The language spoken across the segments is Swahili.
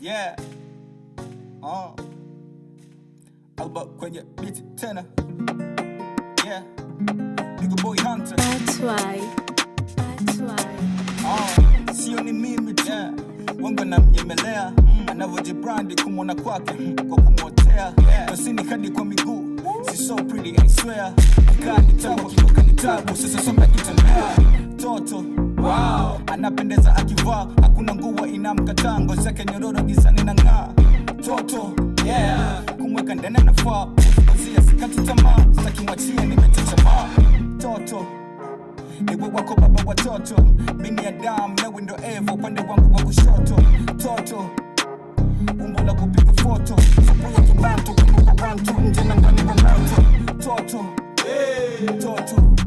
yeah. oh Alba kwenye beat tena yeah. Nigga boy hunter. That's why. That's why. Uh. Sio ni mimi yeah. Wangu namnyemelea mm. Anavyojibrandi kumwona kwake mm. Kwa kumwotea yeah. Tosini hadi kwa miguu si so pretty I swear. Kaa kitabu kitabu sasa soma kitambaa toto wow. Anapendeza akivaa, hakuna nguo inamkataa, ngozi yake nyororo gizani na ng'aa, toto yeah. Kumweka ndani anafaa, kuzia sikati tamaa, sitakimwachia nimetetemaa, toto Ewe wako baba watoto, mini Adamu nawe ndo Eva upande wangu wa kushoto, toto umbo la kupiga foto, toto hey. toto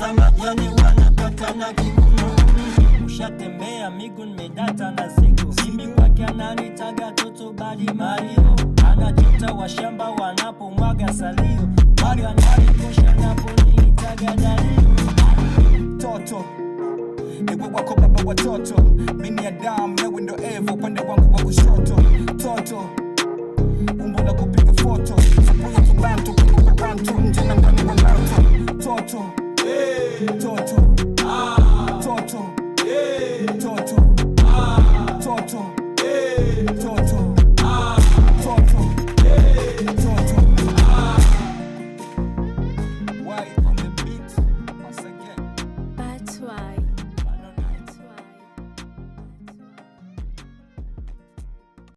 za majani wanapatana kiuno. Ushatembea miguu nimedata na siku mimi kwake ananitaga toto bali Mario anachota washamba wanapomwaga salio Mario ananikusha naponiitaga Dario toto ewe wako baba watoto mimi ni Adamu, wewe ndo Eva upande wangu wa kushoto toto attitude.